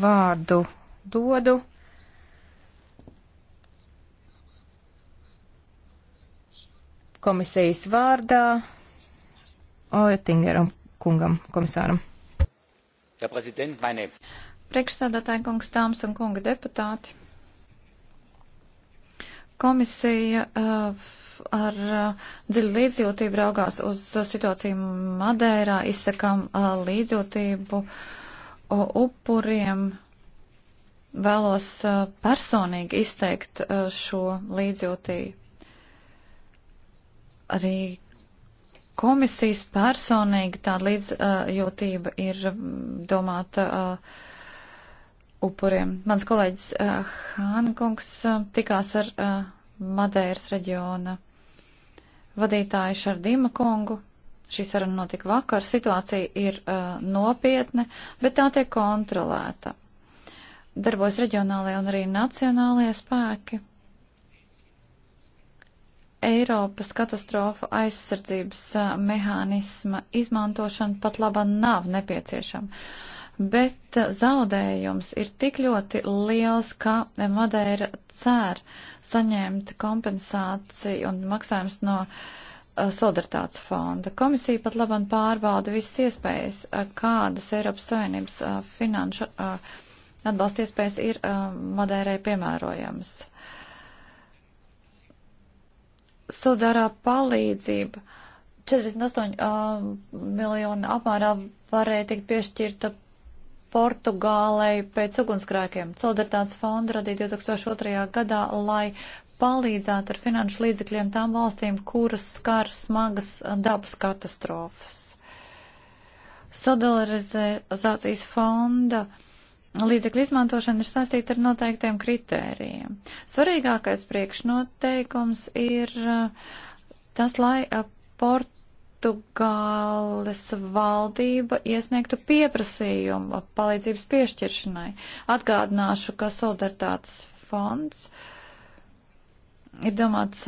vārdu dodu. Komisijas vārdā Oettingeram kungam, komisāram. Ja, Priekšsēdētāji kungs, dāmas un kunga deputāti. Komisija uh, ar uh, dziļu līdzjūtību raugās uz situāciju Madērā, izsakam uh, līdzjūtību uh, upuriem vēlos uh, personīgi izteikt uh, šo līdzjūtību. Arī komisijas personīgi tāda līdzjūtība ir uh, domāta upuriem. Mans kolēģis Hānkungs tikās ar Madeiras reģiona vadītāju Šardīma kungu Šī saruna notika vakar, situācija ir uh, nopietna, bet tā tiek kontrolēta. Darbojas reģionālajie un arī nacionālajie spēki. Eiropas katastrofa aizsardzības uh, mehānisma izmantošana pat laba nav nepieciešama. Bet uh, zaudējums ir tik ļoti liels, ka Madeira cēr saņemt kompensāciju un maksājums no uh, Uh, solidaritātes fonda. Komisija pat labam pārbauda visas iespējas, uh, kādas Eiropas Savienības uh, finanšu atbalsta iespējas ir Madērai piemērojamas. Solidārā palīdzība 48 uh, miljonu apmērā varēja tikt piešķirta Portugālei pēc ugunsgrēkiem. Solidaritātes fondu radīja 2002. gadā, lai palīdzētu ar finanšu līdzekļiem tām valstīm, kuras skar smagas dabas katastrofas. Solidarizācijas fonda līdzekļu izmantošana ir saistīta ar noteiktiem kritērijiem. Svarīgākais priekšnoteikums ir uh, tas, lai port uh, Portugāles valdība iesniegtu pieprasījumu palīdzības piešķiršanai. Atgādināšu, ka solidaritātes fonds uh, ir domāts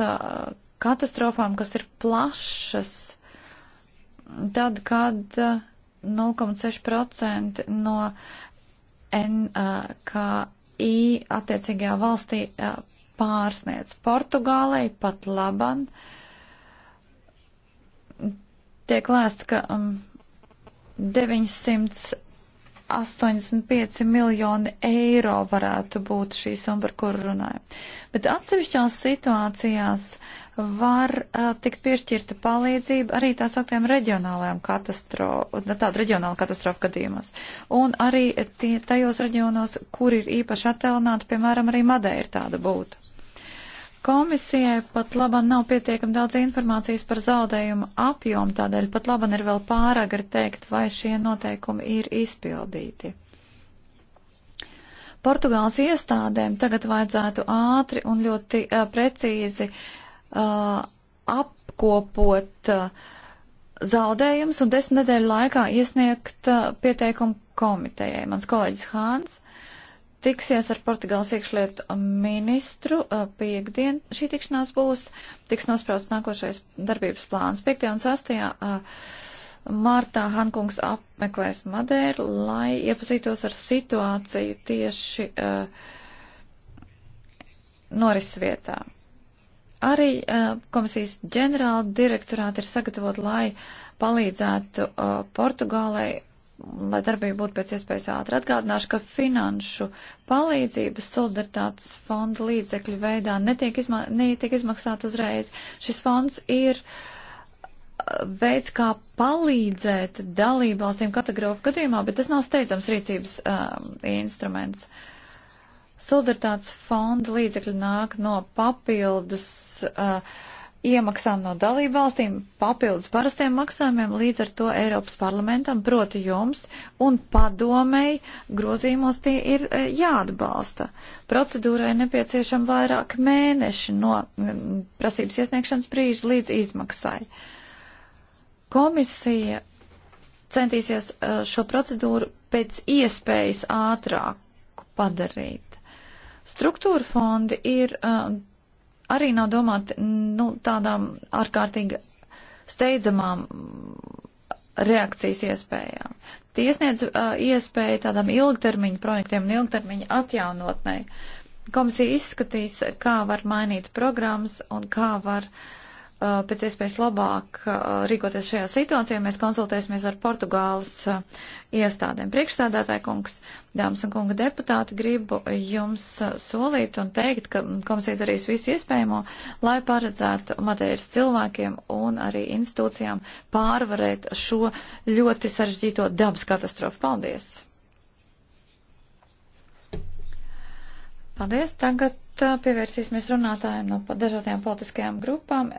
katastrofām, kas ir plašas, tad, kad 0,6% no NKI attiecīgajā valstī pārsniedz Portugālei pat laban. Tiek lēsts, ka 900 85 miljoni eiro varētu būt šī summa, par kuru runājam. Bet atsevišķās situācijās var uh, tikt piešķirta palīdzība arī tā sauktiem reģionālajām katastrofām, nu, tādu reģionālu katastrofu gadījumos. Un arī tie, tajos reģionos, kur ir īpaši attālināti, piemēram, arī Madeira tāda būtu. Komisijai pat laban nav pietiekami daudz informācijas par zaudējumu apjomu, tādēļ pat laban ir vēl pāragri teikt, vai šie noteikumi ir izpildīti. Portugāles iestādēm tagad vajadzētu ātri un ļoti uh, precīzi uh, apkopot uh, zaudējumus un desmit nedēļu laikā iesniegt uh, pieteikumu komitejai. Mans kolēģis Hāns tiksies ar Portugāles iekšlietu ministru piekdien. Šī tikšanās būs, tiks nosprauts nākošais darbības plāns. 5. un 6. martā Hankungs apmeklēs Madēru, lai iepazītos ar situāciju tieši norises vietā. Arī komisijas ģenerāla direktorāti ir sagatavot, lai palīdzētu Portugālei lai darbība būtu pēc iespējas ātri. Atgādināšu, ka finanšu palīdzības solidaritātes fonda līdzekļu veidā netiek, izma netiek izmaksāt uzreiz. Šis fonds ir uh, veids, kā palīdzēt dalībvalstīm katastrofu gadījumā, bet tas nav steidzams rīcības um, instruments. Solidaritātes fonda līdzekļi nāk no papildus. Uh, iemaksām no dalību valstīm papildus parastiem maksājumiem līdz ar to Eiropas parlamentam, proti jums un padomēji grozījumos tie ir e, jāatbalsta. Procedūrai nepieciešama vairāk mēneši no prasības iesniegšanas brīža līdz izmaksai. Komisija centīsies e, šo procedūru pēc iespējas ātrāk padarīt. Struktūra fondi ir e, arī nav domāti nu, tādām ārkārtīgi steidzamām reakcijas iespējām. Tiesniedz uh, iespēju tādam ilgtermiņu projektiem un ilgtermiņu atjaunotnei. Komisija izskatīs, kā var mainīt programmas un kā var uh, Eh, pēc iespējas labāk eh, rīkoties šajā situācijā, mēs konsultēsimies ar Portugāles eh, iestādēm. Priekšstādātāja kungs, dāmas un kunga deputāti, gribu jums solīt un teikt, ka mm, komisija darīs visu iespējamo, lai paredzētu Madeiras cilvēkiem un arī institūcijām pārvarēt šo ļoti sarežģīto dabas katastrofu. Paldies! Paldies! Tagad pievērsīsimies runātājiem no dažādajām politiskajām grupām.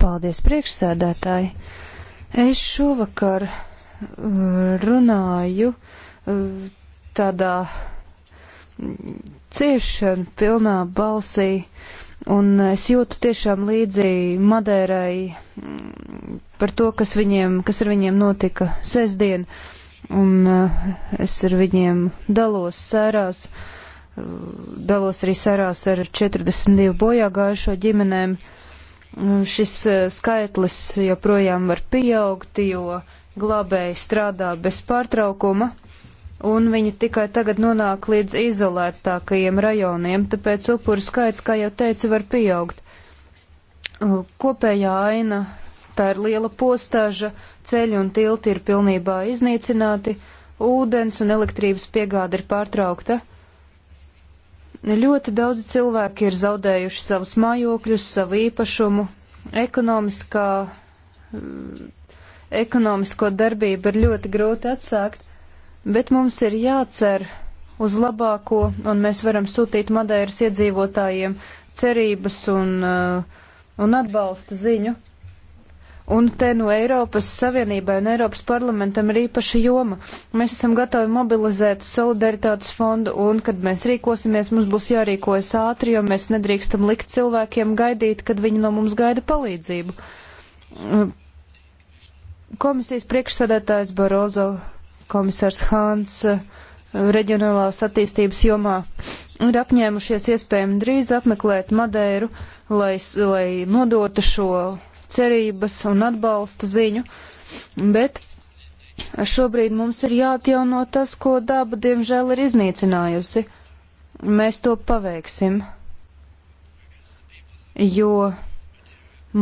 Paldies, priekšsēdētāji. Es šovakar uh, runāju uh, tādā mm, ciešanu pilnā balsī, un es jūtu tiešām līdzi Madērai mm, par to, kas, viņiem, kas ar viņiem notika sestdien, un uh, es ar viņiem dalos sērās, dalos arī sērās ar 42 bojāgājušo ģimenēm. Uh, Mm, šis eh, skaitlis joprojām var pieaugt, jo glābēji strādā bez pārtraukuma, un viņi tikai tagad nonāk līdz izolētākajiem rajoniem, tāpēc upuru skaits, kā jau teicu, var pieaugt. Eh, kopējā aina, tā ir liela postāža, ceļi un tilti ir pilnībā iznīcināti, ūdens un elektrības piegāde ir pārtraukta. Ļoti daudzi cilvēki ir zaudējuši savus mājokļus, savu īpašumu. Ekonomiskā, ekonomisko darbību ir ļoti grūti atsākt, bet mums ir jācer uz labāko, un mēs varam sūtīt Madeiras iedzīvotājiem cerības un, uh, un atbalsta ziņu. Un te no Eiropas Savienībai un Eiropas parlamentam ir īpaša joma. Mēs esam gatavi mobilizēt solidaritātes fondu, un, kad mēs rīkosimies, mums būs jārīkojas ātri, jo mēs nedrīkstam likt cilvēkiem gaidīt, kad viņi no mums gaida palīdzību. Mm. Komisijas priekšsēdētājs Barozo, komisārs Hāns reģionālās attīstības jomā ir apņēmušies iespējami drīz apmeklēt Madeiru, lai, lai nodotu šo cerības un atbalsta ziņu, bet šobrīd mums ir jāatjauno tas, ko daba diemžēl ir iznīcinājusi. Mēs to paveiksim, jo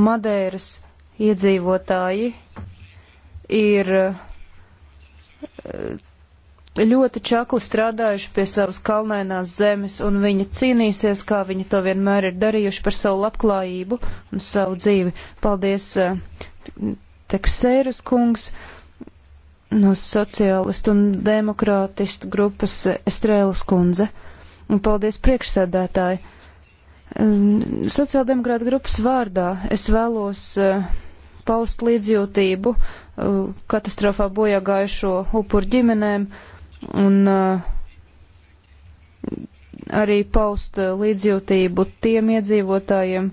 Madeiras iedzīvotāji ir eh, ļoti čakli strādājuši pie savas kalnainās zemes, un viņi cīnīsies, kā viņi to vienmēr ir darījuši par savu labklājību un savu dzīvi. Paldies, eh, Teksēras kungs no sociālistu un demokrātistu grupas eh, Estrēlas kundze, un paldies priekšsēdētāji. Mm, sociāldemokrāta grupas vārdā es vēlos eh, paust līdzjūtību katastrofā bojāgājušo upuru ģimenēm un uh, arī paust līdzjūtību tiem iedzīvotājiem,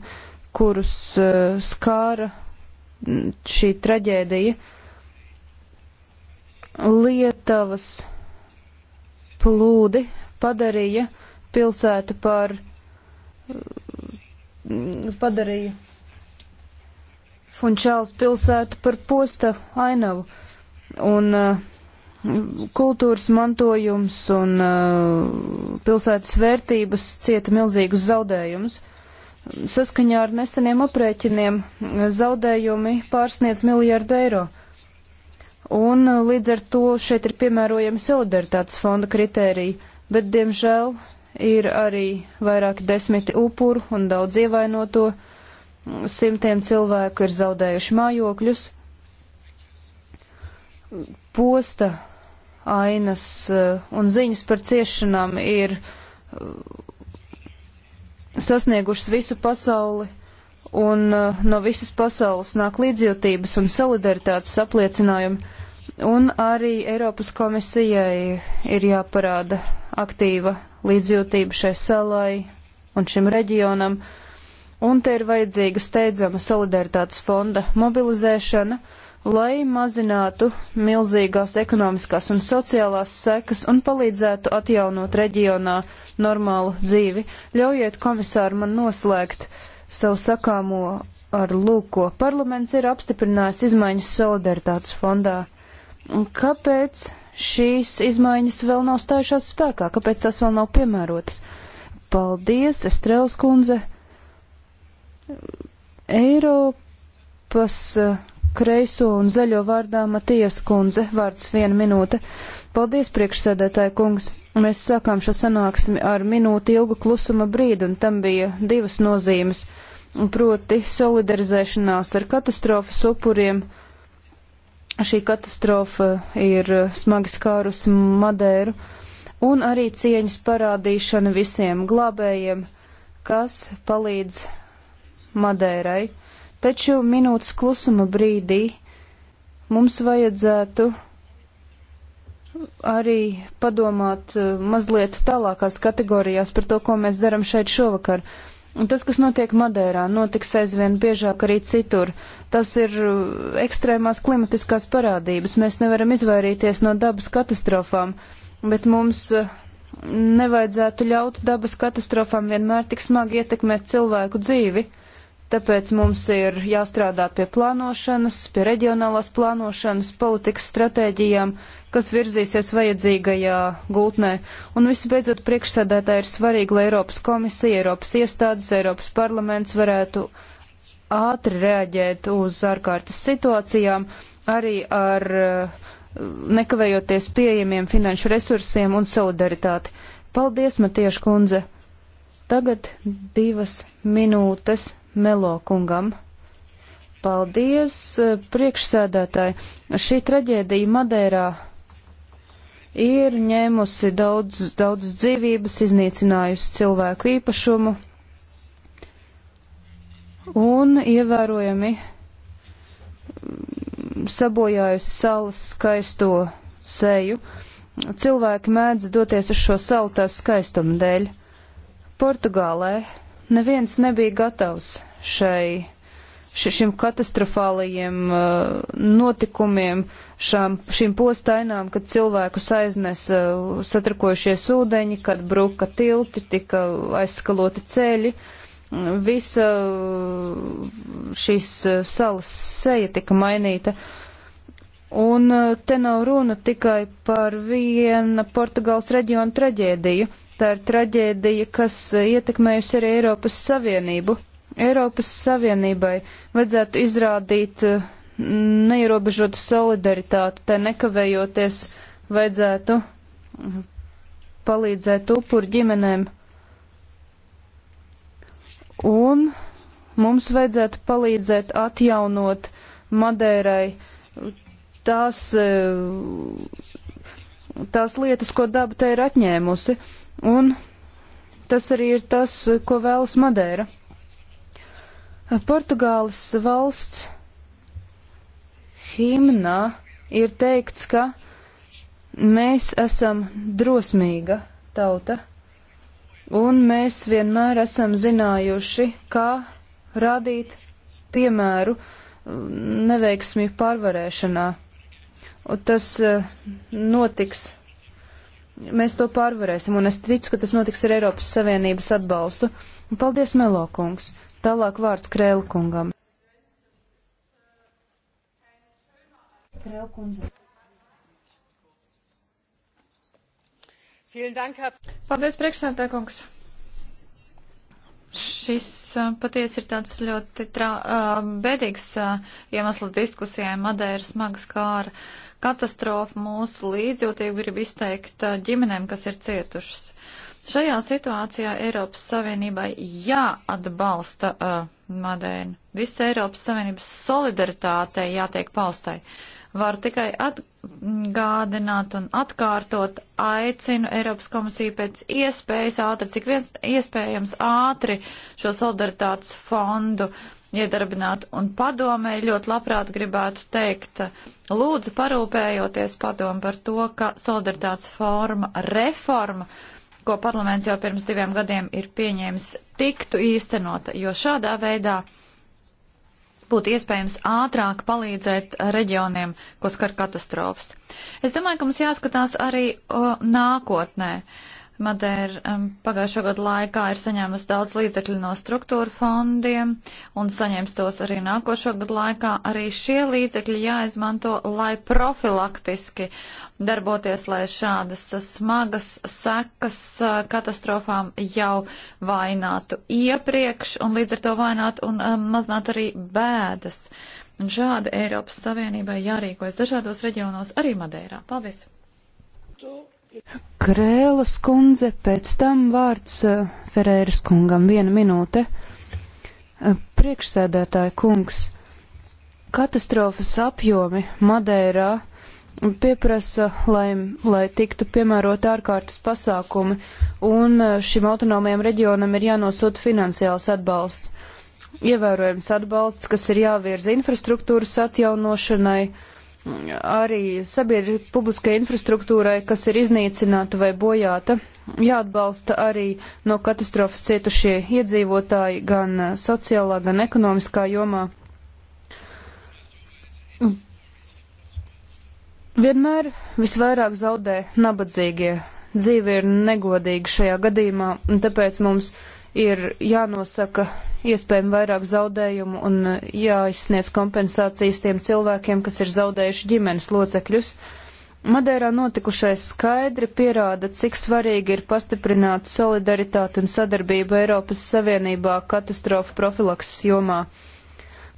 kurus uh, skāra mm, šī traģēdija. Lietavas plūdi padarīja pilsētu par mm, padarīja Funčāls pilsētu par posta ainavu. Un uh, kultūras mantojums un uh, pilsētas vērtības cieta milzīgus zaudējumus. Saskaņā ar neseniem aprēķiniem zaudējumi pārsniedz miljārdu eiro. Un uh, līdz ar to šeit ir piemērojami solidaritātes fonda kritēriji, bet diemžēl ir arī vairāki desmiti upuru un daudz ievainoto. Simtiem cilvēku ir zaudējuši mājokļus posta ainas eh, un ziņas par ciešanām ir eh, sasniegušas visu pasauli, un eh, no visas pasaules nāk līdzjūtības un solidaritātes apliecinājumi, un arī Eiropas komisijai ir jāparāda aktīva līdzjūtība šai salai un šim reģionam, un te ir vajadzīga steidzama solidaritātes fonda mobilizēšana, uh, lai mazinātu milzīgās ekonomiskās un sociālās sekas un palīdzētu atjaunot reģionā normālu dzīvi. Ļaujiet komisāru man noslēgt savu sakāmo ar lūko. Parlaments ir apstiprinājis izmaiņas solidaritātes fondā. Un kāpēc šīs izmaiņas vēl nav stājušās spēkā? Kāpēc tās vēl nav piemērotas? Paldies, Estrēlas kundze. Eiropas. Uh, kreiso un zaļo vārdā Matijas kundze, vārds viena minūte. Paldies, priekšsēdētāja kungs. Mēs sākām šo sanāksmi ar minūti ilgu klusuma brīdi, un tam bija divas nozīmes, proti solidarizēšanās ar katastrofas upuriem. Šī katastrofa ir smagi skārusi Madēru, un arī cieņas parādīšana visiem glābējiem, kas palīdz Madērai taču minūtes klusuma brīdī mums vajadzētu arī padomāt eh, mazliet tālākās kategorijās par to, ko mēs darām šeit šovakar. Un tas, kas notiek Madeirā, notiks aizvien biežāk arī citur. Tas ir eh, ekstrēmās klimatiskās parādības. Mēs nevaram izvairīties no dabas katastrofām, bet mums eh, nevajadzētu ļaut dabas katastrofām vienmēr tik smagi ietekmēt cilvēku dzīvi. Tāpēc mums ir jāstrādā pie plānošanas, pie reģionālās plānošanas, politikas stratēģijām, kas virzīsies vajadzīgajā gultnē. Un visbeidzot, priekšsēdētāji ir svarīgi, lai Eiropas komisija, Eiropas iestādes, Eiropas parlaments varētu ātri reaģēt uz ārkārtas situācijām, arī ar eh, nekavējoties pieejamiem finanšu resursiem un solidaritāti. Paldies, Matieša kundze! Tagad divas minūtes Melo kungam. Paldies, eh, priekšsēdētāji. Šī traģēdija Madeirā ir ņēmusi daudz, daudz dzīvības, iznīcinājusi cilvēku īpašumu un ievērojami mm, sabojājusi salas skaisto seju. Cilvēki mēdz doties uz šo salu tās skaistuma dēļ. Portugālē neviens nebija gatavs šai, šim katastrofālajiem uh, notikumiem, šām, šīm postainām, kad cilvēkus aiznesa uh, satrakojušies ūdeņi, kad bruka tilti, tika aizskaloti ceļi. Visa uh, šīs salas seja tika mainīta. Un te nav runa tikai par viena Portugāles reģiona traģēdiju. Tā ir traģēdija, kas ietekmējusi arī Eiropas Savienību. Eiropas Savienībai vajadzētu izrādīt eh, neierobežotu solidaritāti, te nekavējoties vajadzētu eh, palīdzēt upuru ģimenēm. Un mums vajadzētu palīdzēt atjaunot Madērai tās, eh, tās lietas, ko daba te ir atņēmusi. Un tas arī ir tas, ko vēlas Madēra. Portugāles valsts himnā ir teikts, ka mēs esam drosmīga tauta, un mēs vienmēr esam zinājuši, kā radīt piemēru mm, neveiksmju pārvarēšanā. Un tas eh, notiks. Mēs to pārvarēsim, un es ticu, ka tas notiks ar Eiropas Savienības atbalstu. Paldies, Melokungs! Tālāk vārds Krēlkungam. Krēlkundze. Paldies, priekšsēdētāj, kungs. Šis patiesi ir tāds ļoti trā, bedīgs iemesls diskusijai Madēras smagas kāra. Katastrofa mūsu līdzjūtību grib izteikt ģimenēm, kas ir cietušas. Šajā situācijā Eiropas Savienībai jāatbalsta uh, Madeina. Visa Eiropas Savienības solidaritātei jātiek paustai. Varu tikai atgādināt un atkārtot aicinu Eiropas komisiju pēc iespējas ātri, cik viens iespējams ātri šo solidaritātes fondu uh, iedarbināt. Un padomē ļoti labprāt gribētu teikt, lūdzu parūpējoties padomu par to, ka solidaritātes forma, reforma ko parlaments jau pirms diviem gadiem ir pieņēmis, tiktu īstenota, jo šādā veidā būtu iespējams ātrāk palīdzēt reģioniem, ko skar katastrofas. Es domāju, ka mums jāskatās arī o, nākotnē. Uh, Madeira um, pagājušā gada laikā ir saņēmusi daudz līdzekļu no struktūra fondiem un saņems tos arī nākošo gadu laikā. Arī šie līdzekļi jāizmanto, lai profilaktiski darboties, lai šādas smagas sekas uh, katastrofām jau vainātu iepriekš un līdz ar to vainātu un um, maznātu arī bēdas. Un šādi Eiropas Savienībai jārīkojas dažādos reģionos, arī Madeirā. Paldies! Tu. Krēlas kundze, pēc tam vārds uh, Ferēras kungam viena minūte. Uh, priekšsēdētāja kungs, katastrofas apjomi Madeirā pieprasa, lai, lai tiktu piemērot ārkārtas pasākumi, un uh, šim autonomajam reģionam ir jānosūta finansiāls atbalsts. Ievērojams atbalsts, kas ir jāvirza infrastruktūras atjaunošanai arī sabiedrība publiskai infrastruktūrai, kas ir iznīcināta vai bojāta. Jāatbalsta arī no katastrofas cietušie iedzīvotāji gan eh, sociālā, gan ekonomiskā jomā. Vienmēr visvairāk zaudē nabadzīgie. Dzīve ir negodīga šajā gadījumā, un tāpēc mums ir jānosaka iespējami vairāk zaudējumu un eh, jāizsniedz kompensācijas tiem cilvēkiem, kas ir zaudējuši ģimenes locekļus. Madeirā notikušais skaidri pierāda, cik svarīgi ir pastiprināt solidaritāti un sadarbību Eiropas Savienībā katastrofu profilakses jomā.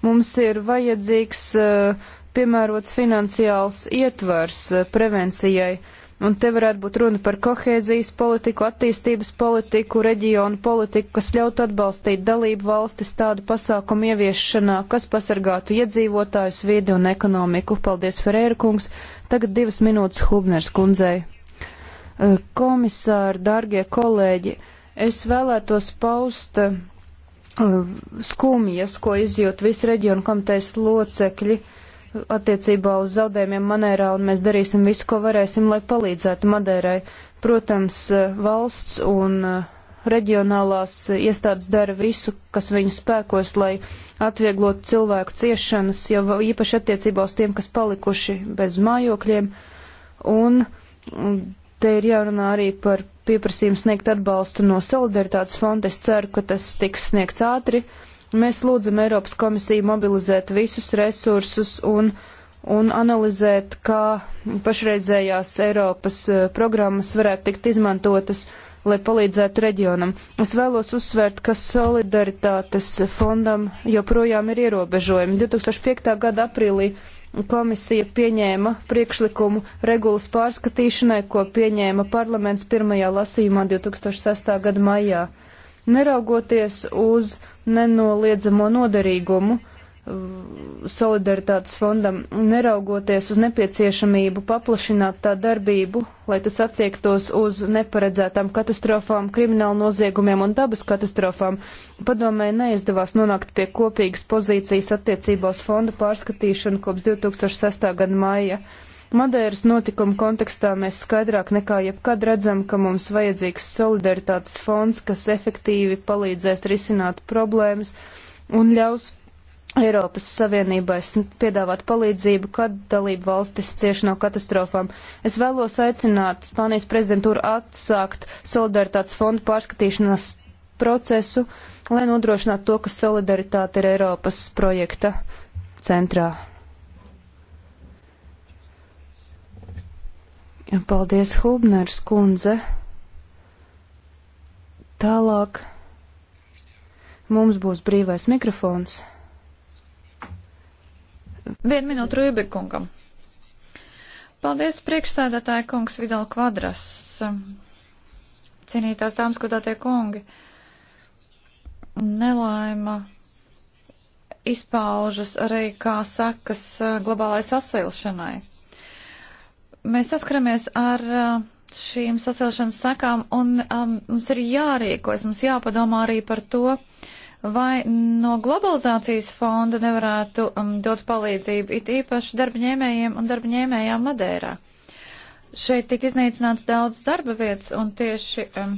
Mums ir vajadzīgs eh, piemērots finansiāls ietvars eh, prevencijai Un te varētu būt runa par kohēzijas politiku, attīstības politiku, reģionu politiku, kas ļautu atbalstīt dalību valstis tādu pasākumu ieviešanā, kas pasargātu iedzīvotājus, vidi un ekonomiku. Paldies, Ferēra kungs. Tagad divas minūtes Hubners kundzei. Eh, komisāri, dārgie kolēģi, es vēlētos paust eh, skumjas, ko izjūt visi reģionu komitejas locekļi attiecībā uz zaudējumiem Madeirā, un mēs darīsim visu, ko varēsim, lai palīdzētu Madeirai. Protams, eh, valsts un eh, reģionālās iestādes dara visu, kas viņu spēkos, lai atvieglotu cilvēku ciešanas, jau īpaši attiecībā uz tiem, kas palikuši bez mājokļiem. Un mm, te ir jārunā arī par pieprasījumu sniegt atbalstu no solidaritātes fonda. Es ceru, ka tas tiks sniegts ātri. Uh, Mēs lūdzam Eiropas komisiju mobilizēt visus resursus un, un analizēt, kā pašreizējās Eiropas e, programmas varētu tikt izmantotas, lai palīdzētu reģionam. Es vēlos uzsvērt, ka solidaritātes fondam joprojām ir ierobežojumi. 2005. gada aprīlī komisija pieņēma priekšlikumu regulas pārskatīšanai, ko pieņēma parlaments pirmajā lasījumā 2006. gada maijā. Neraugoties uz nenoliedzamo noderīgumu eh, solidaritātes fondam, neraugoties uz nepieciešamību paplašināt tā darbību, lai tas attiektos uz neparedzētām katastrofām, kriminālu noziegumiem un dabas katastrofām, padomē neizdevās nonākt pie kopīgas pozīcijas attiecībā uz fonda pārskatīšanu kopš 2006. gada māja. Madeiras notikuma kontekstā mēs skaidrāk nekā jebkad redzam, ka mums vajadzīgs solidaritātes fonds, kas efektīvi palīdzēs risināt problēmas un ļaus Eiropas Savienībai piedāvāt palīdzību, kad dalību valstis cieši no katastrofām. Es vēlos aicināt Spānijas prezidentūru atsākt solidaritātes fondu pārskatīšanas procesu, lai nodrošinātu to, ka solidaritāte ir Eiropas projekta centrā. Paldies, Hubners kundze. Tālāk mums būs brīvais mikrofons. Vienu minūtu Rībekungam. Paldies, priekšsēdētāja kungs Vidal Kvadras. Cienītās dāmas, godātie kungi. Nelaima izpaužas arī kā sakas eh, globālai sasilšanai mēs saskaramies ar uh, šīm sasilšanas sakām un um, mums ir jārīkojas, mums jāpadomā arī par to, vai no globalizācijas fonda nevarētu um, dot palīdzību it īpaši darbņēmējiem un darbņēmējām Madērā. Šeit tika iznīcināts daudz darba vietas un tieši. Um,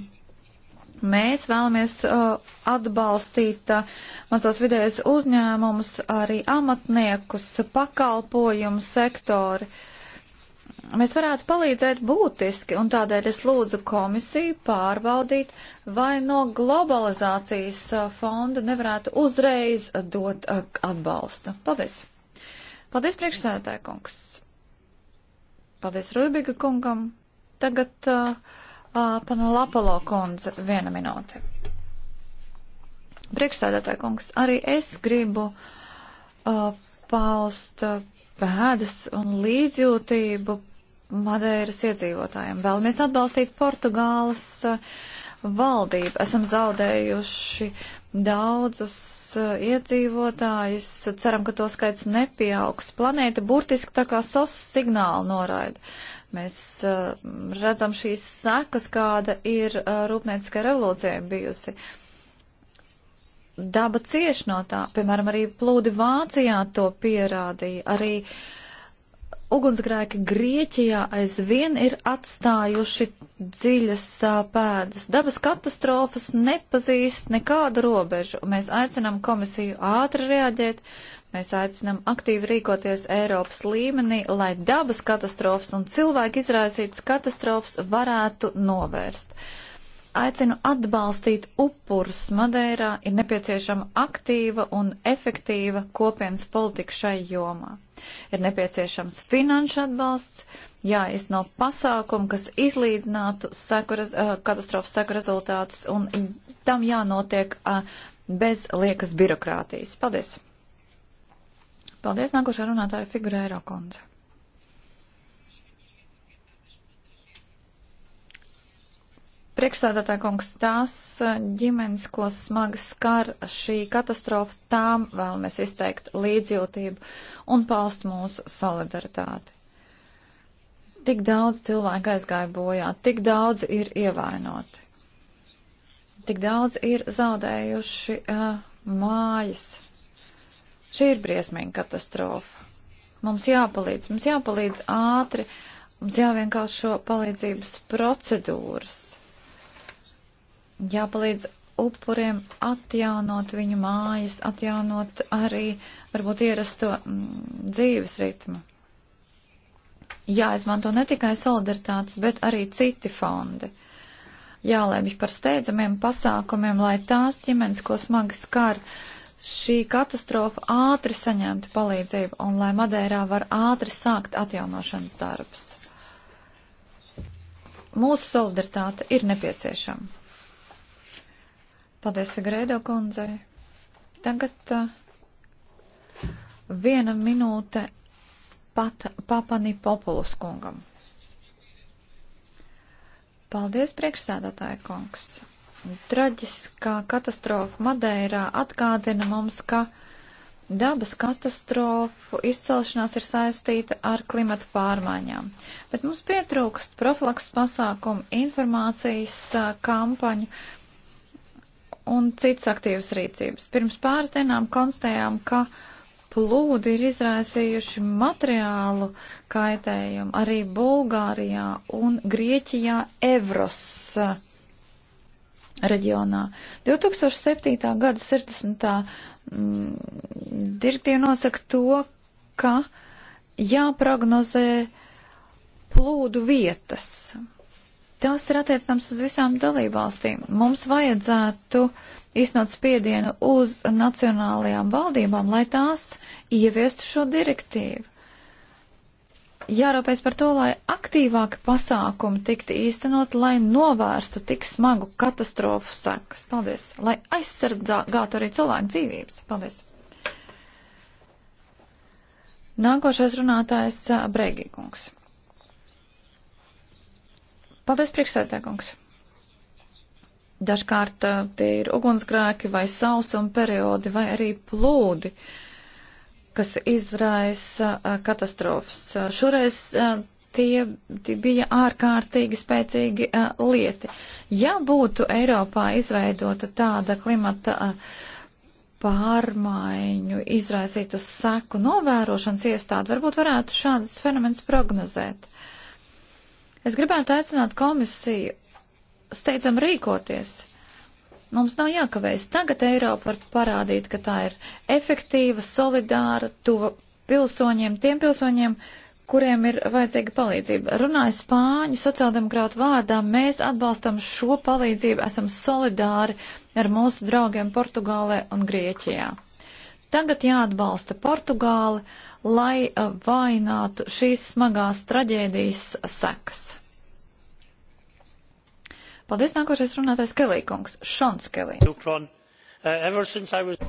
Mēs vēlamies uh, atbalstīt uh, mazos vidējos uzņēmumus, arī amatniekus, pakalpojumu sektori. Uh, mēs varētu palīdzēt būtiski, un tādēļ es lūdzu komisiju pārbaudīt, vai no globalizācijas fonda nevarētu uzreiz dot atbalstu. Paldies! Paldies, priekšsēdētāj kungs! Paldies Rubiga kungam! Tagad uh, uh, pana Lapalo kundze viena minūte. Priekšsēdētāj kungs, arī es gribu uh, paust uh, pēdas un līdzjūtību Madeiras iedzīvotājiem. Vēlamies atbalstīt Portugāles eh, valdību. Esam zaudējuši daudzus eh, iedzīvotājus. Ceram, ka to skaits nepieaugs. Planēta burtiski tā kā sos signāli noraida. Mēs eh, redzam šīs sekas, kāda ir rūpnieciskai revolūcijai bijusi daba cieš no tā. Piemēram, arī plūdi Vācijā to pierādīja. Arī ugunsgrēki Grieķijā aizvien ir atstājuši dziļas pēdas. Dabas katastrofas nepazīst nekādu robežu. Mēs aicinām komisiju ātri reaģēt, mēs aicinām aktīvi rīkoties Eiropas līmenī, lai dabas katastrofas un cilvēku izraisītas katastrofas varētu novērst. Uh, aicinu atbalstīt upurus Madeirā, ir nepieciešama aktīva un efektīva kopienas politika šai jomā. Ir nepieciešams finanšu atbalsts, jāizno pasākumu, kas izlīdzinātu seku, eh, katastrofas seku rezultātus, un tam jānotiek eh, bez liekas birokrātijas. Paldies! Paldies, nākošā runātāja figurē Rokondze. Priekšstādātā kungs, tās eh, ģimenes, ko smagi skar šī katastrofa, tām vēlamies izteikt līdzjūtību un paust mūsu solidaritāti. Tik daudz cilvēku aizgāja bojā, tik daudz ir ievainoti, tik daudz ir zaudējuši uh, mājas. Šī ir briesmīga katastrofa. Mums jāpalīdz, mums jāpalīdz ātri, mums jāvienkāršo palīdzības procedūras jāpalīdz upuriem atjaunot viņu mājas, atjaunot arī varbūt ierasto mm, dzīves ritmu. Jāizmanto ne tikai solidaritātes, bet arī citi fondi. Jālēmj par steidzamiem pasākumiem, lai tās ģimenes, ko smagi skar šī katastrofa, ātri saņemtu palīdzību un lai Madeirā var ātri sākt atjaunošanas darbus. Mūsu solidaritāte ir nepieciešama. Paldies Figreido kundzei. Tagad uh, viena minūte pat Papani Populus kungam. Paldies, priekšsēdētāja kungs. Traģiskā katastrofa Madeirā atgādina mums, ka dabas katastrofu izcelšanās ir saistīta ar klimata pārmaiņām. Bet mums pietrūkst profilaks pasākumu, informācijas uh, kampaņu un citas aktīvas rīcības. Pirms pāris dienām konstatējām, ka plūdi ir izraisījuši materiālu kaitējumu arī Bulgārijā un Grieķijā Evros eh, reģionā. 2007. gada 60. Mm, direktīva nosaka to, ka jāprognozē plūdu vietas. Tas ir attiecams uz visām dalībvalstīm. Mums vajadzētu iznot spiedienu uz nacionālajām valdībām, lai tās ieviestu šo direktīvu. Jārūpēs par to, lai aktīvāki pasākumi tiktu īstenot, lai novērstu tik smagu katastrofu sekas. Paldies. Lai aizsargātu arī cilvēku dzīvības. Paldies. Nākošais runātājs eh, Brēgīkungs. Paldies, priekšsēdētājkungs. Dažkārt tie ir ugunsgrēki vai sausuma periodi vai arī plūdi, kas izraisa katastrofas. Šoreiz tie, tie bija ārkārtīgi spēcīgi uh, lieti. Ja būtu Eiropā izveidota tāda klimata uh, pārmaiņu izraisītu seku novērošanas iestādi, varbūt varētu šādas fenomens prognozēt. Es gribētu aicināt komisiju steidzam rīkoties. Mums nav jākavējas. Tagad Eiropa var parādīt, ka tā ir efektīva, solidāra, tuva pilsoņiem, tiem pilsoņiem, kuriem ir vajadzīga palīdzība. Runāju spāņu sociāldemokrātu vārdā, mēs atbalstam šo palīdzību, esam solidāri ar mūsu draugiem Portugālē un Grieķijā. Tagad jāatbalsta Portugāli, lai uh, vainātu šīs smagās traģēdijas sekas. Paldies, nākošais runātais Kelīkungs, Šons Kelī. Uh,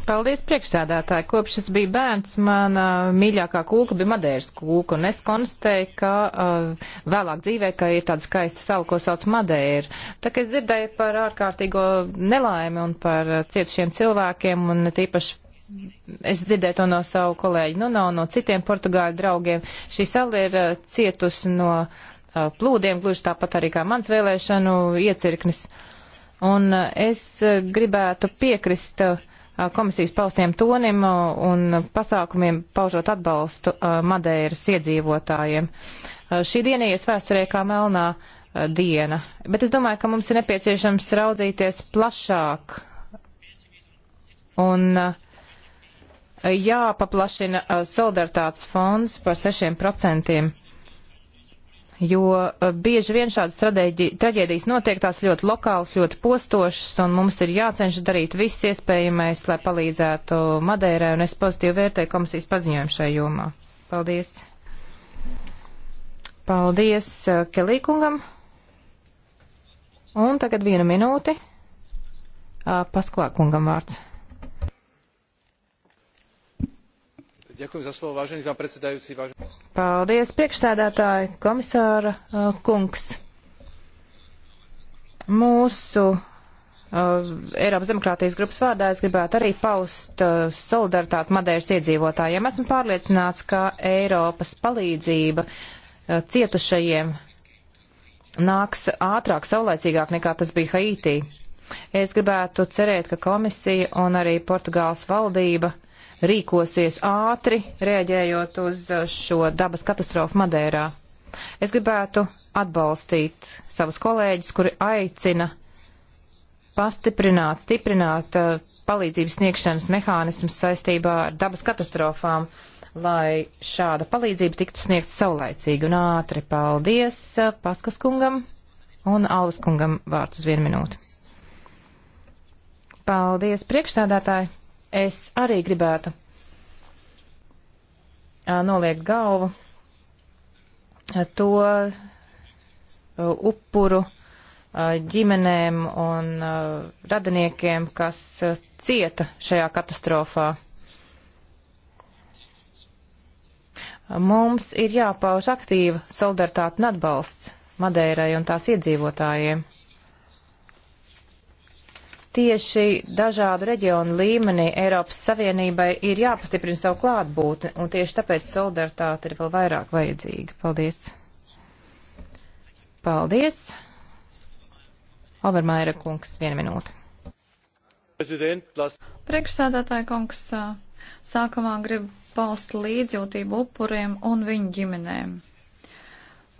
Paldies, priekšsēdētāji. Kopš es biju bērns, mana mīļākā kūka bija Madeiras kūka, un es konstatēju, ka uh, vēlāk dzīvē, ka ir tāda skaista sala, ko sauc Madeira. Tā kā es dzirdēju par ārkārtīgo nelaimi un par uh, cietušiem cilvēkiem, un tīpaši Es dzirdēju to no savu kolēģi Nuno, no citiem portugāļu draugiem. Šī sala ir eh, cietusi no eh, plūdiem, gluži tāpat arī kā mans vēlēšanu iecirknis. Un eh, es gribētu piekrist komisijas paustiem tonim un pasākumiem paužot atbalstu Madeiras iedzīvotājiem. Šī diena ies vēsturē kā melnā diena, bet es domāju, ka mums ir nepieciešams raudzīties plašāk. Un uh, jāpaplašina solidaritātes fonds par 6%, jo bieži vien šādas traģēdijas notiek tās ļoti lokāls, ļoti postošas, un mums ir jācenšas darīt viss iespējamais, lai palīdzētu Madeirai, un es pozitīvi vērtēju komisijas paziņojumu šai jomā. Paldies! Paldies Kelīkungam! Un tagad viena minūte. Paskvākungam vārds. Paldies, priekšsēdētāji, komisāra uh, kungs. Mūsu Uh, Eiropas demokrātijas grupas vārdā es gribētu arī paust uh, solidaritāti Madeiras iedzīvotājiem. Esmu pārliecināts, ka Eiropas palīdzība uh, cietušajiem nāks ātrāk, saulēcīgāk nekā tas bija Haitī. Es gribētu cerēt, ka komisija un arī Portugāles valdība uh, rīkosies ātri, rēģējot uz šo dabas katastrofu Madeirā. Es gribētu atbalstīt savus kolēģus, kuri aicina pastiprināt, stiprināt uh, palīdzības sniegšanas mehānismus saistībā ar dabas katastrofām, lai šāda palīdzība tiktu sniegta saulaicīgi un ātri. Paldies uh, Paskas kungam un Alvas kungam vārds uz vienu minūti. Paldies priekšsādātāji! Es arī gribētu noliekt galvu to upuru ģimenēm un radiniekiem, kas cieta šajā katastrofā. Mums ir jāpauž aktīva solidaritāte un atbalsts Madeirai un tās iedzīvotājiem tieši dažādu reģionu līmenī Eiropas Savienībai ir jāpastiprina savu klātbūtni, un tieši tāpēc solidaritāte ir vēl vairāk vajadzīga. Paldies! Paldies! Overmaira kungs, viena minūte. Priekšsēdētāja kungs, sākumā gribu paust līdzjūtību upuriem un viņu ģimenēm.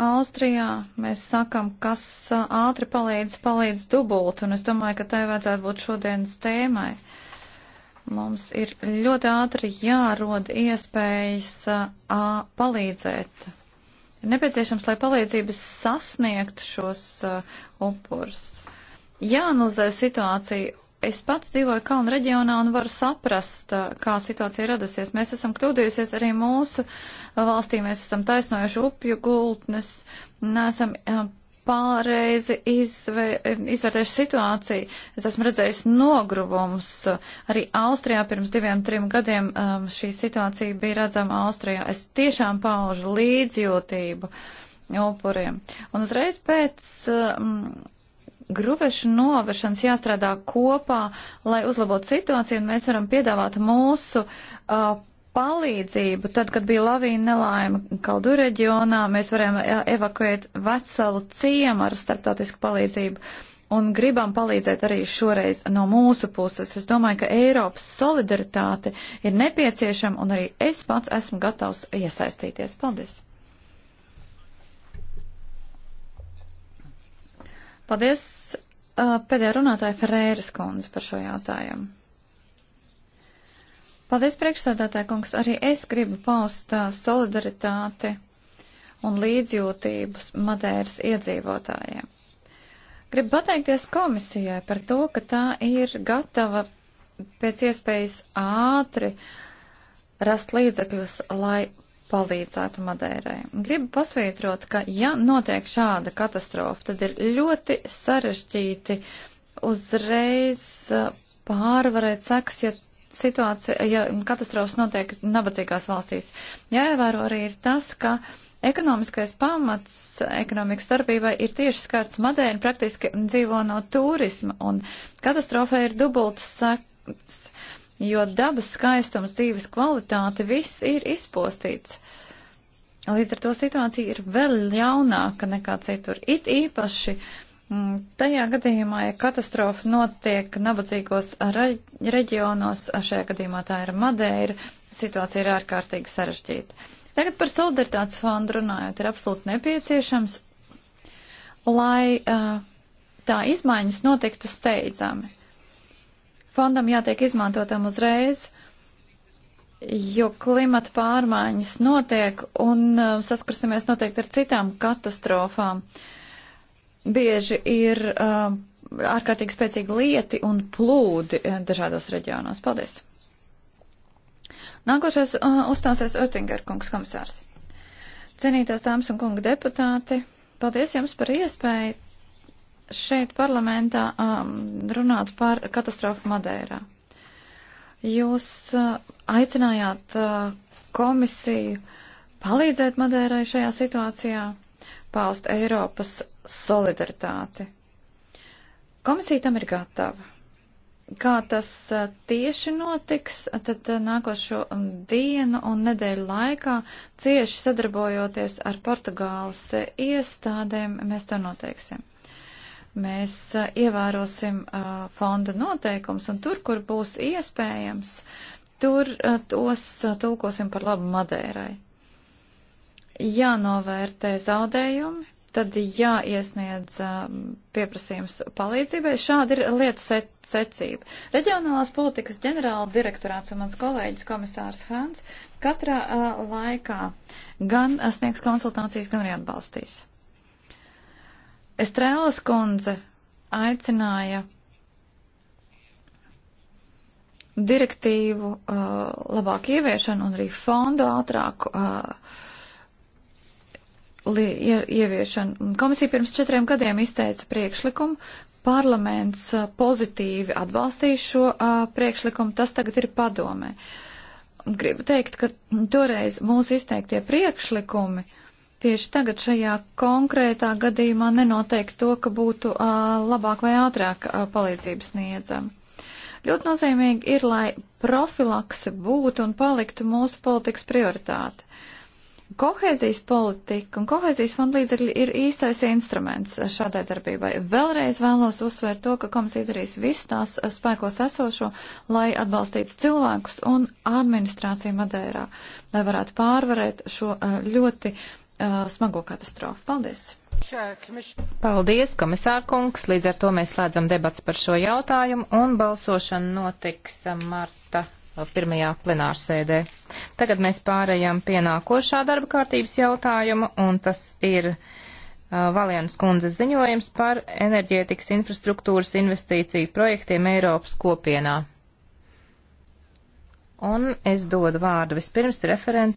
Austrijā mēs sakam, kas ātri palīdz, palīdz dubult, un es domāju, ka tai vajadzētu būt šodienas tēmai. Mums ir ļoti ātri jārod iespējas a, palīdzēt. Ir nepieciešams, lai palīdzības sasniegtu šos a, upurs. Jāanalizē situācija Es pats dzīvoju kalnu reģionā un varu saprast, kā situācija radusies. Mēs esam kļūdījusies arī mūsu valstī, mēs esam taisnojuši upju gultnes, nesam pārreizi izve, izvērtējuši situāciju. Es esmu redzējis nogruvums. Arī Austrijā pirms diviem, trim gadiem šī situācija bija redzama Austrijā. Es tiešām paužu līdzjūtību upuriem. Un uzreiz pēc um, gruvešu novešanas jāstrādā kopā, lai uzlabotu situāciju, un mēs varam piedāvāt mūsu uh, palīdzību. Tad, kad bija lavīna nelaime Kaldu reģionā, mēs varējām uh, evakuēt veselu ciemu ar starptautisku palīdzību. Un gribam palīdzēt arī šoreiz no mūsu puses. Es domāju, ka Eiropas solidaritāte ir nepieciešama, un arī es pats esmu gatavs iesaistīties. Paldies! Paldies uh, pēdējā runātāja Ferēras kundze par šo jautājumu. Paldies priekšsēdētāja kungs, arī es gribu paust uh, solidaritāti un līdzjūtības Madēras iedzīvotājiem. Gribu pateikties komisijai par to, ka tā ir gatava pēc iespējas ātri rast līdzekļus, lai palīdzētu Madeirai. Gribu pasvītrot, ka ja notiek šāda katastrofa, tad ir ļoti sarežģīti uzreiz uh, pārvarēt seks, ja situācija, ja katastrofas notiek nabadzīgās valstīs. Jāievēro arī ir tas, ka ekonomiskais pamats ekonomikas darbībai ir tieši skarts Madeira, praktiski dzīvo no turisma, un katastrofai ir dubultas seks jo dabas skaistums, dzīves kvalitāte, viss ir izpostīts. Līdz ar to situācija ir vēl ļaunāka nekā citur. It īpaši mm, tajā gadījumā, ja katastrofa notiek nabadzīgos reģionos, šajā gadījumā tā ir Madeira, situācija ir ārkārtīgi sarežģīta. Tagad par solidaritātes fondu runājot, ir absolūti nepieciešams, lai uh, tā izmaiņas notiktu steidzami fondam jātiek izmantotam uzreiz, jo klimata pārmaiņas notiek un uh, saskarsimies noteikti ar citām katastrofām. Bieži ir uh, ārkārtīgi spēcīgi lieti un plūdi uh, dažādos reģionos. Paldies! Nākošais uh, uzstāsies Oettinger kungs komisārs. Cenītās dāmas un kunga deputāti, paldies jums par iespēju šeit parlamentā um, runāt par katastrofu Madeirā. Jūs uh, aicinājāt uh, komisiju palīdzēt Madeirai šajā situācijā, paust Eiropas solidaritāti. Komisija tam ir gatava. Kā tas uh, tieši notiks, tad uh, nākošo um, dienu un nedēļu laikā, cieši sadarbojoties ar Portugāles uh, iestādēm, mēs to noteiksim mēs ievērosim fonda noteikums un tur, kur būs iespējams, tur tos tulkosim par labu Madērai. Jānovērtē zaudējumi, tad jāiesniedz pieprasījums palīdzībai. Šāda ir lietu se secība. Reģionālās politikas ģenerāla direktorāts un mans kolēģis komisārs Hāns katrā laikā gan sniegs konsultācijas, gan arī atbalstīs. Estrēlas kundze aicināja direktīvu uh, labāku ieviešanu un arī fondu ātrāku uh, ie, ieviešanu. Komisija pirms četriem gadiem izteica priekšlikumu. Parlaments uh, pozitīvi atbalstīja šo uh, priekšlikumu. Tas tagad ir padomē. Gribu teikt, ka toreiz mūsu izteiktie priekšlikumi uh, Tieši tagad šajā konkrētā gadījumā nenoteikti to, ka būtu uh, labāk vai ātrāk uh, palīdzības sniedzama. Ļoti nozīmīgi ir, lai profilakse būtu un paliktu mūsu politikas prioritāte. Kohēzijas politika un kohēzijas fonda līdzekļi ir īstais instruments šādai darbībai. Vēlreiz vēlos uzsvērt to, ka komisija darīs visu tās spēkos esošo, lai atbalstītu cilvēkus un administrāciju Madērā, lai varētu pārvarēt šo ļoti uh, uh, smago katastrofu. Paldies! Paldies, komisārkungs. Līdz ar to mēs slēdzam debats par šo jautājumu un balsošana notiks uh, marta uh, pirmajā plenārsēdē. Tagad mēs pārējām pie nākošā darba kārtības jautājuma un tas ir uh, Valienas kundzes ziņojums par enerģētikas infrastruktūras investīciju projektiem Eiropas kopienā. Un es dodu vārdu vispirms referentam.